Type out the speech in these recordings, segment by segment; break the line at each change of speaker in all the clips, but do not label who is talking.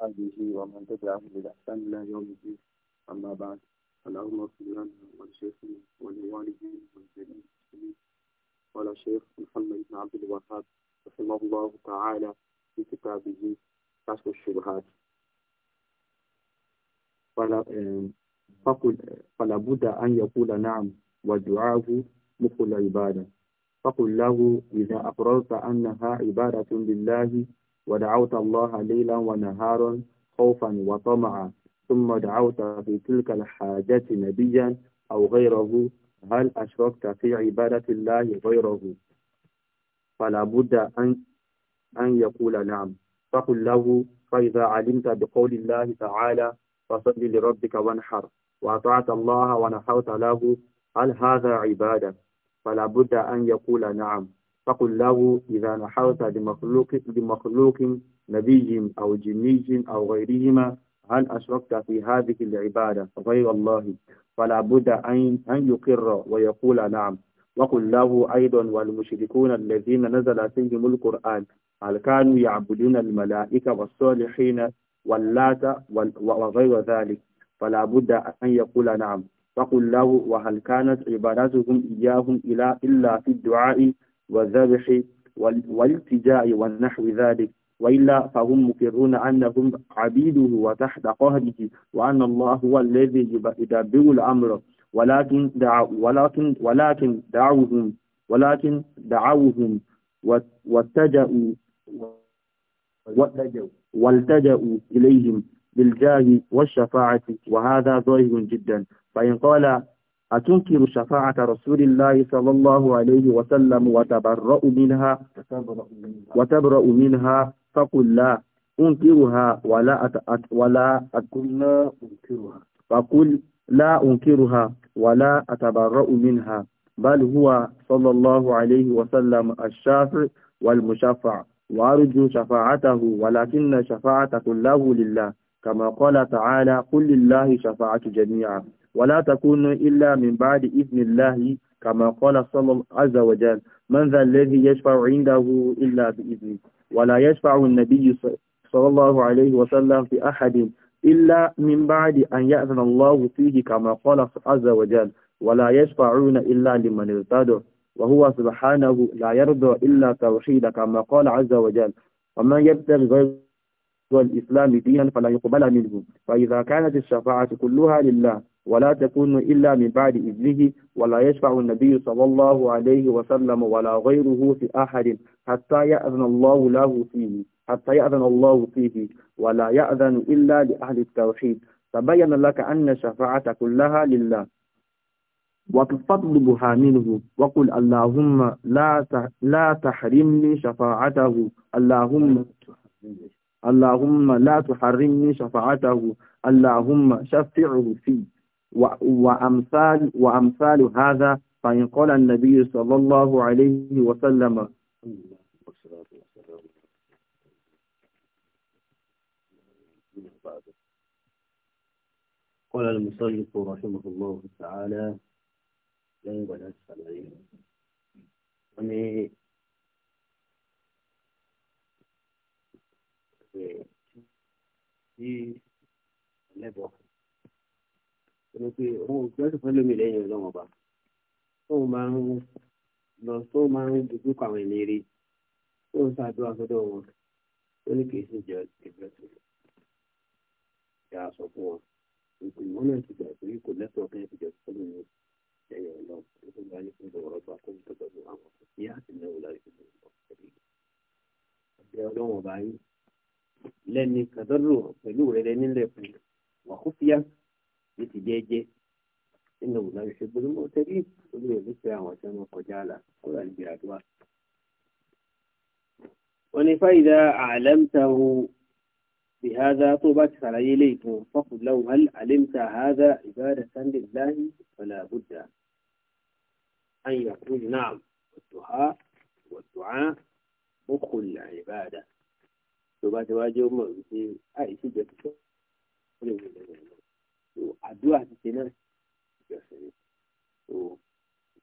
وأصحابه ومن تبعهم بإحسان إلى يوم الدين أما بعد اللهم اغفر لنا ولشيخنا ولوالدينا ولجميع المسلمين ولا شيخ محمد بن عبد الوهاب رحمه الله تعالى في كتابه كشف الشبهات فلا فقل فلا بد أن يقول نعم ودعاه مخ العبادة فقل له إذا أقررت أنها عبادة لله ودعوت الله ليلا ونهارا خوفا وطمعا ثم دعوت في تلك الحاجة نبيا أو غيره هل أشركت في عبادة الله غيره فلا بد أن أن يقول نعم فقل له فإذا علمت بقول الله تعالى فصل لربك وانحر وأطعت الله ونحوت له هل هذا عبادة فلا بد أن يقول نعم فقل له إذا نحرت بمخلوق, بمخلوق نبي أو جني أو غيرهما هل أشركت في هذه العبادة غير الله فلا بد أن يقر ويقول نعم وقل له أيضا والمشركون الذين نزل فيهم القرآن هل كانوا يعبدون الملائكة والصالحين واللات وغير ذلك فلا بد أن يقول نعم وقل له وهل كانت عبادتهم إياهم إلا في الدعاء والذبح والالتجاء والنحو ذلك وإلا فهم مكرون أنهم عبيده وتحت قهره وأن الله هو الذي يدبر الأمر ولكن دعو ولكن ولكن دعوهم ولكن دعوهم واتجأوا والتجأوا إليهم بالجاه والشفاعة وهذا ظاهر جدا فإن قال أتنكر شفاعة رسول الله صلى الله عليه وسلم وتبرأ منها وتبرأ منها فقل لا أنكرها ولا أت أت ولا أقول أنكرها فقل لا أنكرها ولا أتبرأ منها بل هو صلى الله عليه وسلم الشافع والمشفع وأرجو شفاعته ولكن شفاعة كله لله كما قال تعالى قل لله شفاعة جميعا ولا تكونوا إلا من بعد إذن الله كما قال صلى الله عز وجل من ذا الذي يشفع عنده إلا بإذنه ولا يشفع النبي صلى الله عليه وسلم في أحد إلا من بعد أن يأذن الله فيه كما قال عز وجل ولا يشفعون إلا لمن ارتدوا وهو سبحانه لا يرضى إلا توحيد كما قال عز وجل ومن يبتغ غير والإسلام دينا فلا يقبل منه فإذا كانت الشفاعة كلها لله ولا تكون إلا من بعد إذنه ولا يشفع النبي صلى الله عليه وسلم ولا غيره في أحد حتى يأذن الله له فيه حتى يأذن الله فيه ولا يأذن إلا لأهل التوحيد تبين لك أن الشفاعة كلها لله وتطلبها منه وقل اللهم لا لا تحرمني شفاعته اللهم اللهم لا تحرمني شفاعته اللهم شفعه في وأمثال, وأمثال هذا فإن قال النبي صلى الله عليه وسلم قال المصلي رحمه الله تعالى لا يبعد عن يعني sí ẹlẹ́bọ̀ ẹni pé òun ò gbẹ́sùn fún lómi lẹ́yìn ọlọ́run ọba tóun máa ń lọ tóun máa ń dojú kọ àwọn ẹni rí tóun ṣàdúrà sọ́dọ̀ wọn ó ní kì í sì jẹ ìgbẹ́sùn ìyá sọ fún wọn ìpè wọn náà ti gbà pé kò lẹ́tọ̀ọ́ kẹ́yìn ti jẹ fún mi lẹ́yìn ọlọ́run tó ń bá ní fún ìdọ̀wọ́rọ́ bá kó ń tọ́jú àwọn ọ̀sán ní àtìlẹ́wò láì fi lè lọ lẹ́ni kàdọ́rò pẹ̀lú rẹ̀ lẹ́ni lẹ́kùn wà kó fíyà ní ti jẹ́jẹ́ nínú òwúlá ìṣe gbólómọ̀ tẹ́lẹ̀ olú rẹ̀ nífẹ̀ẹ́ àwọn tí wọ́n kọjá àlà kó rà níbi àdúrà. wọ́n ní fáyidá àlẹ́mtàwó بهذا طوبى على إليكم فقل لو هل علمت هذا عبادة لله فلا بد أن يقول نعم والدعاء والدعاء مخ العبادة tó bá ti wájú mọ̀ wípé àìsí jẹ púpọ̀ ó lè wọlé rẹ̀ lọ so àdúrà ti ṣe náà ìjọsìn ni so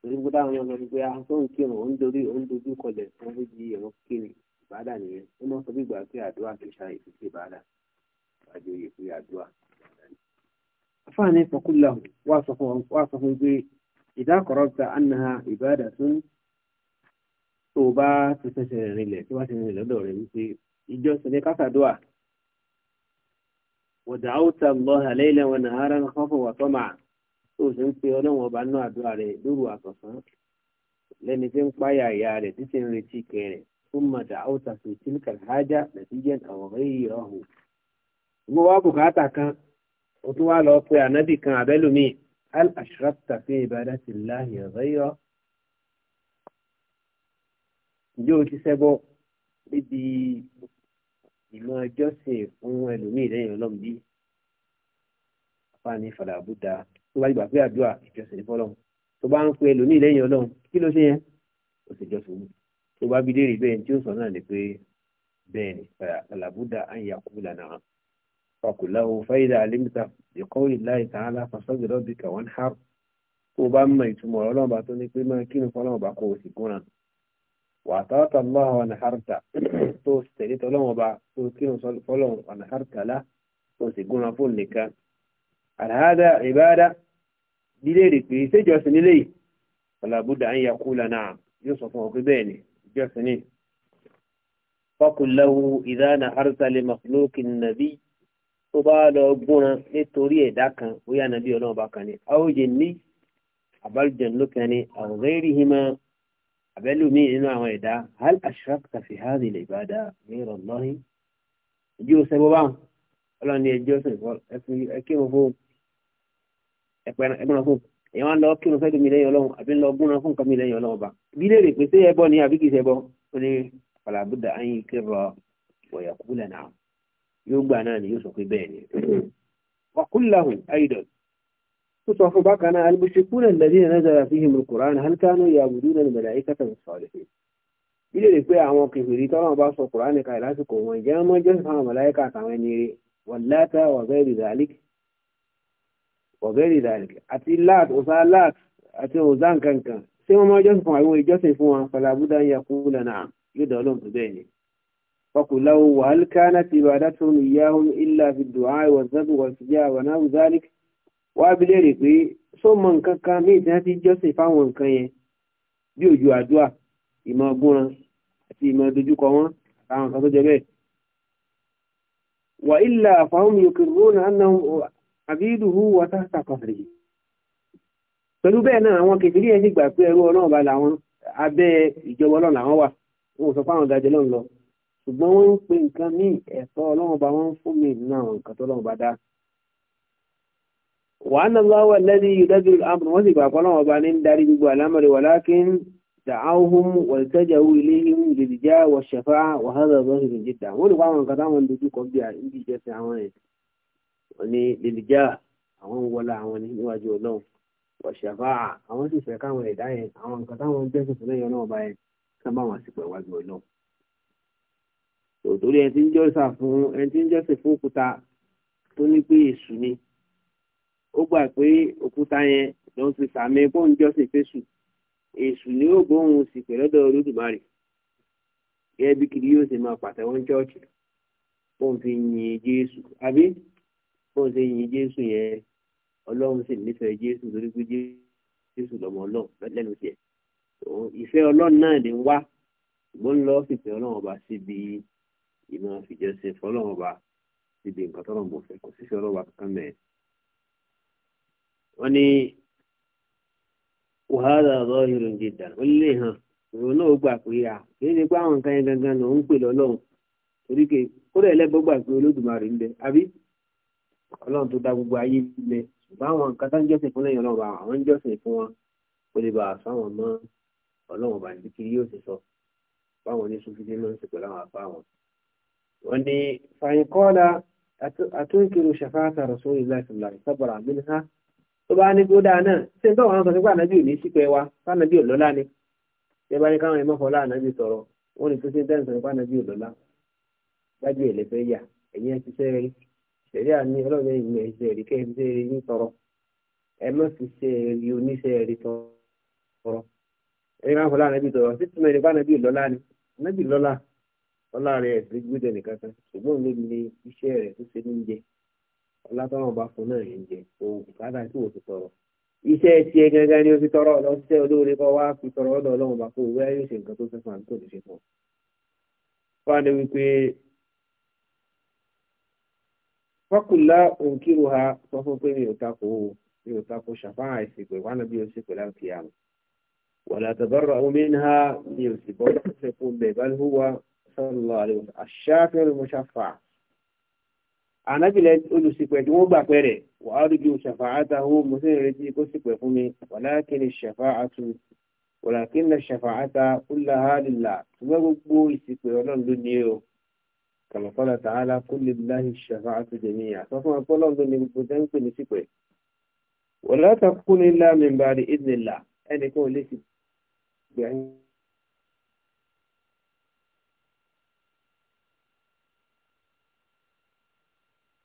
torí pé táwọn yẹn lọ sí pé aṣọ ah, ìkírun òun dorí òun dojú kọlẹ̀ fún méjì ẹ̀rọ kiri ìbádà nìyẹn ó mọ̀ sọ bí ìgbà pé àdúrà kì í ṣe sí ìbádà àjọ òye pé àdúrà ìdákọ̀rọ̀ta annaha ìbádà tó bá ti fẹsẹ̀ rìnlẹ̀ tí wọ́n ti rìnlẹ̀ lọ́dọ̀ rẹ̀ wípé ìjọsìn ní kásàdúà wọ̀dàáwùtà lọ́hà lẹ́yìnlẹ́ wọn nàárà ń kọ́fọ̀ wà tọ́mà tó sì ń pe ọlọ́wọ̀n ọba náà àdúrà rẹ̀ lóru àtọ̀sán lẹ́ni tí ń páyà ìyá rẹ̀ títí ń retí kẹrẹ̀ fún mọ̀dàáwùtà sí tìlkà hájà nàtíjẹ́ àwọ̀rẹ́ yìí ọ̀hún. ìwọ wá bùkátà kan o tún wá lọ pe ànábì kan àbẹ́lùmí al ashrafta fi ibadati llahi ghayra ǹjẹ́ o ti ṣẹbọ níbi ìmọ̀ ọjọ́sìn fún ẹlòmíì lẹ́yìn ọlọ́run bí àfáàní fàlà àbúdá tó bá gbà pé àdúrà ìjọsìn ní fọlọ́run tó bá ń pe ẹlòmíì lẹ́yìn ọlọ́run kí ló ṣe yẹn ó sì jọsìn mú tó bá bi léèrè bẹ́ẹ̀ tí ó sọ náà ni pé bẹ́ẹ̀ ni fàlà àbúdá à ń lànà hàn fakùláwo fáyidà alimta ìkọ́wé láì tàn án láfàṣọ́gbè lọ́bì kàwọn hàr tó bá mọ ìtumọ̀ ọlọ́run bá tó ní pé máa kí وأعطاك الله ونحرت توستيت لهم وبع توكين فلهم ونحرت له توسيقون فلك هل هذا عبادة بليرك بيسجوسن لي فلا بد أن يقول نعم يوسف وقبيني جوسني فقل له إذا نحرت لمخلوق النبي تبال أبونا لتوري داكا ويا نبي الله باكني أو جني أبال جنلوكني أو غيرهما àbẹ́lú mi nínú àwọn ẹ̀dá hal ashrakta fi hadhi al-ibada ghayra Allah ìjú ọ̀sẹ̀ bó báwọn ọlọ́ni ẹjọ́ sìn fọ́ ẹkírun fún ẹgbọ́n fún èèyàn wá lọ kírun fẹ́ mi lẹ́yìn ọlọ́run àbí lọ gúnra fún nǹkan mi lẹ́yìn ọlọ́run ọba bí léèrè pé ṣé ẹbọ ni àbí kì í ṣe ẹbọ ó ní falabuda ayin kírọ wọ̀yàkúlẹ̀ náà yóò gbà náà ni yóò sọ pé bẹ́ẹ̀ ni wàkúlẹ̀ ahùn ayidọ̀tì وصف بقى أنا المشركون الذين نزل فيهم القرآن هل كانوا يعبدون الملائكة والصالحين ilé rẹ̀ pé àwọn kìfìrí tọ́lọ́wọ́n bá sọ kùránì ká ìlàsìkò wọn ìjẹ́ mọ́ jọ́sìn fáwọn mọ̀láyíkà àtàwọn ẹni rẹ̀ wọ̀láta wọ̀gẹ́rì dàlík àti lat ọ̀sá lat àti ọ̀zá nkankan tí wọ́n mọ́ jọ́sìn fún àwọn ìjọsìn fún wọn falabuda ya kú lana yóò dá ọlọ́run bẹ́ẹ̀ ni fakulawo wàhálkánà ti bàdá tó nìyáhùn fi dùn áì wọ̀n zẹ́bù wọ̀n jẹ́ àwọn náà zálík wá bi léèrè pé sọmọ nǹkan kan ní ìtàn fi jọ́sìn fáwọn nǹkan yẹn bí òjò àdúrà ìmọ̀ ọgbọ́n àti ìmọ̀ dojúkọ wọn àtàwọn nǹkan tó jẹ bẹ́ẹ̀. wà ilà fáwọn yòókèrún àná àbídùhù wà táàtà kọfìrì pẹ̀lú bẹ́ẹ̀ náà àwọn kèfìrí ẹ̀ gbà pé ẹrú ọlọ́run bá làwọn abẹ́ ìjọba ọlọ́run làwọn wà wọn ò sọ fáwọn ọ̀gájẹ́ lọ́run lọ ṣùgbọ́n wọ́n ń pe nǹkan ní ẹ̀tọ́ ọlọ́run bá wọ́n fún mi nínú nǹkan tó ọlọ́run bá dá وأن الله هو الذي يدبر الأمر وثق أقوالهم وبعدين داري بيقوا الأمر ولكن دعوهم والتجأوا إليهم للجاء والشفاعة وهذا ظاهر جدا ولقوا من قطعهم من دوجو قبضي عندي جاسي عواني وني للجاء عوان ولا عوان نواجه لهم والشفاعة عوان سيفكان ولدعين عوان قطعهم من جاسي فلان يونو باين كما ما سيكوا واجه لهم tòtòrí ẹni tí ń jọ́sà fún ẹni tí ń jọ́sìn fún òkúta tó ní pé èṣù ni ó gbà pé òkúta yẹn ló ń fi sàmì bóun jọ́sìn fésù èṣù ni ó gbóhùn sì pè lọ́dọ̀ olódùmarè gẹ́gẹ́ bí kiri yóò ṣe máa pàtẹ́wọ́n chọ́ọ̀chì bóun fi yin jésù àbí bóun ṣe yin jésù yẹn ọlọ́run sì nífẹ̀ẹ́ jésù lórí pé jésù lọ́mọ ọlọ́run lẹ́nu tiẹ̀ ìfẹ́ ọlọ́run náà lè wá ṣùgbọ́n lọ́ fìfẹ́ ọlọ́run ọba síbi ìmọ̀ fìjọsìn fọlọ́run ọba síbi nǹkan tọ́lọ́run bò fẹ́ kò sífẹ́ ọlọ́run ọba kankan mẹ́rin wọ́n ní wàhálà lọ́hìrì jìdà ó lè hàn òun náà gbà pé à kìí ṣe pé àwọn nǹkan yẹn gangan ló ń pè lọ́lọ́run torí ke kódà ẹlẹ́gbọ́n gbà pé olódùmarè ń bẹ àbí ọlọ́run tó dá gbogbo ayé ń ṣùgbọ́n àwọn nǹkan tó ń jọ́sìn fún lẹ́yìn ọlọ́run àwọn ń jọ́sìn fún wọn kó lè bàa fáwọn mọ́ ọlọ́run bá ní kiri yóò ṣe sọ báwọn oníṣòfìdí máa ń ṣe pẹ̀lú àwọn àfáà wọ́n ní fàyínkọ́lá àtúnkìrò ṣàfáàtà rọ̀ṣọ́ ìlà ìsìnlá ìsábàrà mílíọ̀nù tó bá ní kódà náà ṣe ń tọ́wọ́n sọ nípa ànábì ò sípẹ́ wa fànàbí ò ni ṣe bá ní káwọn ẹ̀mọ́ fọlá ànábì sọ̀rọ̀ wọn ní tó ṣe ń tẹ́lẹ̀ sọ nípa ànábì ò gbájú ẹ̀ lẹ́fẹ́ yà ẹ̀yìn ẹ̀sì sẹ́ẹ̀rì ṣẹ̀rí àní ọlọ́run ẹ̀yìn ẹ̀sì ẹ̀rí kẹ́ ẹ̀sì ẹ̀rí ń tọrọ ẹ má fi sẹ́ẹ̀rì oníṣẹ́ẹ̀rí tọrọ ẹ̀yìn káwọn fọlá ànábì sọ̀rọ̀ ọlátọ́wọ́n bá fún náà yẹn jẹ òun bùkátà tí wò ti tọrọ iṣẹ́ tiẹ̀ gángan ni o ti tọrọ lọ síṣẹ́ olóore kọ́ wá fi tọrọ ọ̀dọ̀ ọlọ́run bá fún òwe ayé ṣe nǹkan tó fẹ́ fún àbí kò ní ṣe fún ọ. fáwọn wípé fọkùnlá òǹkírò ha sọ fún pé mi ò takò o mi ò takò ṣàfáà ìsìnkú ìwánà bí o ṣe pẹ̀lú àti àmì. wàlá tàbárà omi ń ha mi ò sì bọ́ sọ́kùn bẹ̀ bá ànábìlẹ̀ olùsìpẹ̀ tí wọ́n gbà pẹ̀rẹ̀ wà á rújú ṣàfà àtàwọ̀ mo sì retí kó sìpẹ̀ fún mi wàlákìnì ṣàfà àtù wàlákìnì ṣàfà àtà kúlà hàlìlà ṣùgbọ́n gbogbo ìsìpẹ̀ ọlọ́run ló ní o kàmọ́kọ́lá tààlà kúlì láhì ṣàfà àtù jẹ̀mí àtọ́ fún ọpọ́ ọlọ́run ló ní gbogbo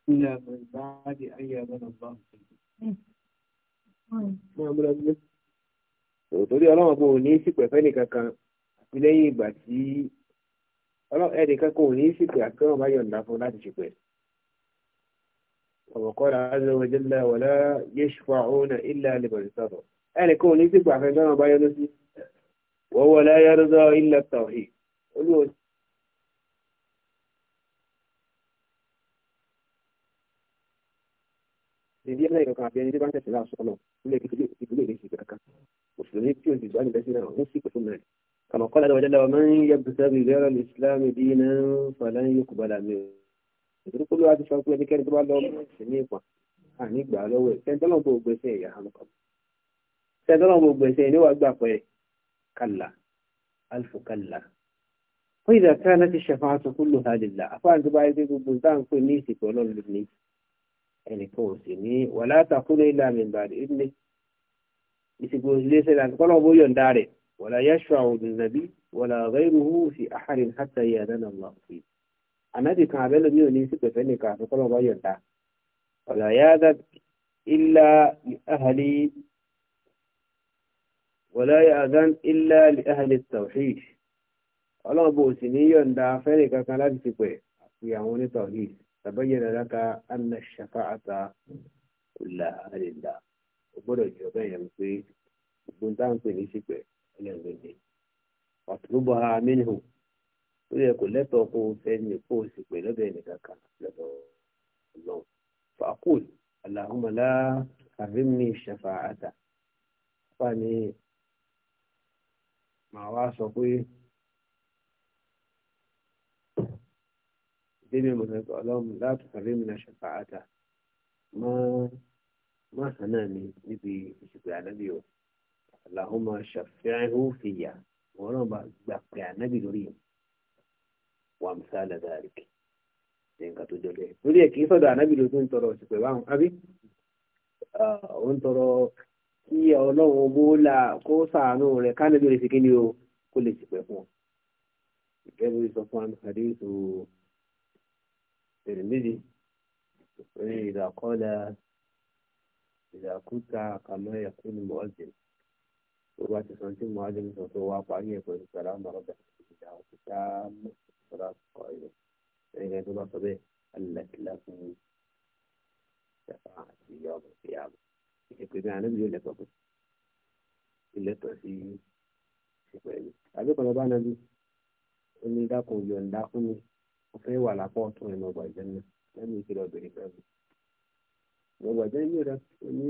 إلا من بعد أن يأذن الله hmm. Hmm. torí ọlọ́run kò ní í ṣìpẹ̀ fẹ́ni kankan àti lẹ́yìn ìgbà tí ẹnìkan kò ní í ṣìpẹ̀ àti kí wọ́n bá yọ̀ǹda fún láti ṣìpẹ̀. ọ̀bọ̀kọ́ra azọ́wọ́jẹ́lá wọ̀lá yéṣùfà ọ̀nà ilẹ̀ alẹ́bọ̀rẹ̀ sọ̀rọ̀ ẹnìkan ò ní í ṣìpẹ̀ àfẹ́ńtọ́nà bá yọ lọ́sí. wọ́wọ́ láyé ilẹ̀ tọ̀hìn olúwo ìdí ẹlẹ́yìn kan àbí ẹni tí bá ń tẹ̀sí láàṣọ náà nílé ìpínlẹ̀ ìpínlẹ̀ èdè ìsìnkú kankan mùsùlùmí tí òun ti zọ́ àyìnbẹ́sí náà ó sì pẹ̀lú mẹ́rin. kàmọ́ kọ́lá lọ́wọ́ jẹ́lẹ́wọ́ máa ń yẹ bùsẹ́bì lẹ́rọ ìsìlámù bíi náà fàlẹ́ yóò kú bọ́lá mi. ìdúrókòló àti sọ pé ẹnikẹ́ni tó bá lọ sí ní ìpọ̀n àní gbà lọ́wọ́ ẹ̀ tẹ́ńtọ́lọ́ bó gbèsè ẹ̀yà hàmùkọ́m tẹ́ńtọ́lọ́ bó gbèsè ẹ̀ níwà gbà pẹ́ kàlà alfu kàlà. fún ìdàkánná ti ṣẹ̀fà àtúnkù lò hàlìlà àfáàní tó bá yẹ kí gbogbo táà ń pè ní ìsìnkú ọlọ́run ẹnìkan ò sì ní wàlá takúnú ilá mi bàdé ìdílé ìsìnkú iléeṣẹ́ náà kọ́ lọ́wọ́ yọ̀ǹda rẹ̀ wàlá yẹ́ṣù àwọn nàbí wàlá ghayruhu fi ahadin hatta ya'dana Allah fi ànábì kan abẹ́lẹ̀ mi ò ní sí pẹ̀fẹ́ nìkan àti kọ́ lọ́wọ́ yọ̀ǹda wàlá yáda ilá ahàlì wàlá ya'dan ilá ahàlì tawhid ọlọ́wọ́ bò sì ní yọ̀ǹda fẹ́rẹ̀ kankan láti ti pẹ̀ àti àwọn onítọ̀hìd تبين لك أن الشفاعة كلها لله وبرج بين في بنتان في نسيبه ẹlẹ́gbẹ̀dẹ̀ ọ̀túnbọ̀ha amínú ó yẹ kó lẹ́tọ̀ kó fẹ́ni kó o sì pè lọ́dọ̀ ẹnìkan kan lọ́dọ̀ ọlọ́run fàákùl aláhùnmọ́lá àrímì ṣàfàáta fani màá wá sọ pé débi mo sọ pé ọlọ́run láti kàrí mi náà ṣẹ̀fà àtà mọ́ mọ́ sánà mi níbi ìsìnkú ànábì o àlàhùnmọ́ ṣàfihàn fìyà wọn náà bá gbà pé ànábì lórí wà mí sálẹ̀ dáríkì ní nǹkan tó jọjọ yìí lórí ẹ̀ kì í sọ̀dọ̀ ànábì ló tún ń tọrọ ìsìnkú báwọn àbí ah, ó ń tọrọ kí ọlọ́run owó là kó sàánú rẹ̀ kánàbì rẹ̀ sì kí ni o kó lè sì fún ọ. ìkẹ́bí sọ fún àdéhùn الترمذي إذا قال إذا كنت كما يقول المؤذن وما تسمعت المؤذن صوته واقعي يقول السلام ربك إذا تام صلاة قائمة فإن كما صبي ألك له شفاعة في يوم القيامة يقول أنا بيقول لك وقت إلا تأتي شفاعة أبي قال أنا بي إني داكم يوم داكم ó fẹ́ wà lápá ọ̀tún ẹ̀ lọ́gbà jẹ́ náà lẹ́nu ìṣẹ̀lẹ̀ ọ̀bẹ̀rẹ̀ kan mi. lọ́gbà jẹ́ yìí rẹ̀ ní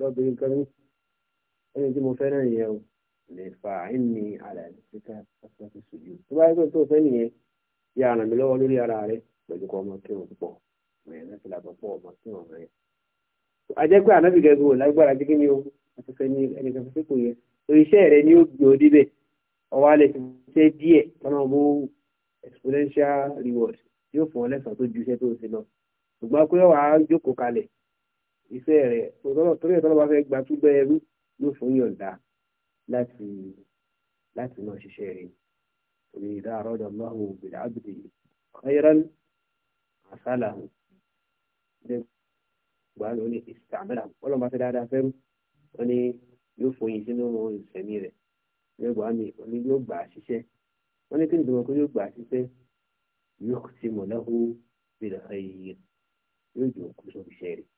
lọ́bẹ̀rẹ̀ kan mi ẹni tí mo fẹ́ náà yẹ o lè fa àìní ara ẹ̀ síta ọ̀sán ti sùn yìí. tó bá yẹ pé tó fẹ́ nìyẹn yà ràn mí lọ́wọ́ lórí ara rẹ̀ pẹ̀lú kọ́ ọmọ kírun pọ̀ mẹ̀yìn náà ti làbọ̀ pọ̀ ọmọ kírun rẹ̀. ajẹ́ pé ànábì gẹ́gẹ́ wò lágbára jẹ́ kí ni o àti fẹ́ ní ẹnìkan fẹ́ kò yẹ. oríṣẹ́ rẹ̀ ni ó gbé débẹ̀ ọwọ́ alẹ́ ti ṣe díẹ̀ tọ́nà bó exponential reward yóò fún ọ lẹ́sàn-án tó ju iṣẹ́ tó ṣe lọ ṣùgbọ́n pé wàá jókòó kalẹ̀ iṣẹ́ rẹ̀ torí ẹ̀tọ́ bá fẹ́ gba túbẹ̀ ẹrú ló fún yọ̀ǹda láti láti máa ṣiṣẹ́ rẹ̀ torí ìdá àrọ́dọ̀ lọ́hùn òbílẹ̀ ábìdì khayran àṣàlàhùn lẹ́gbàá lóní ìsàmìlà ọlọ́mọ fẹ́ dáadáa fẹ́rú wọn ni yóò fòyìn sínú ìsẹ̀mí rẹ̀ lẹ́gbàá mi wọn ni yóò gbà á ṣiṣẹ́ wọ́n ní kí ni ìdúró kó yóò gbà ṣiṣẹ́ yóò ti mọ̀ lẹ́hu bẹ̀rẹ̀ ẹ̀yẹ yóò jọ kó sọ iṣẹ́ rẹ̀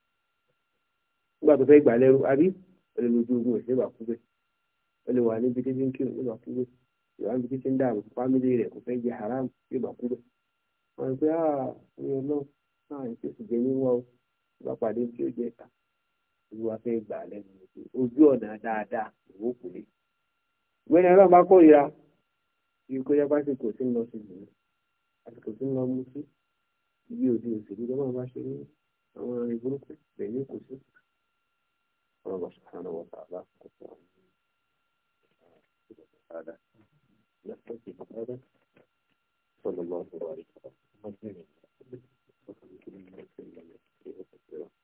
nígbà tó fẹ́ gbà lẹ́rú àbí ẹ̀rọ lójú ogun ẹ̀sẹ̀ wà kúbẹ̀ ẹ lè wà níbi títí ń kírun yóò wà kúbẹ̀ yóò wà níbi títí ń dààmú fámìlì rẹ̀ kò fẹ́ jẹ haram yóò wà kúbẹ̀ wọ́n ní pé ah ẹ̀yọ náà náà ń bí kó yá pásìkò tí ń lọ sí ìlú àsìkò tí ń lọ mú sí ibi òde òṣèlú lọ́wọ́ bá ṣe ní àwọn arìnrìn burúkú rẹ̀ kò sí ọ̀rọ̀ bá ṣàfihàn lọ́wọ́ tààlà kò sọ àwọn ìgbà tààlà lẹ́sọ̀ sí tààlà sọ̀rọ̀ lọ́wọ́ tó wà ní ọ̀rọ̀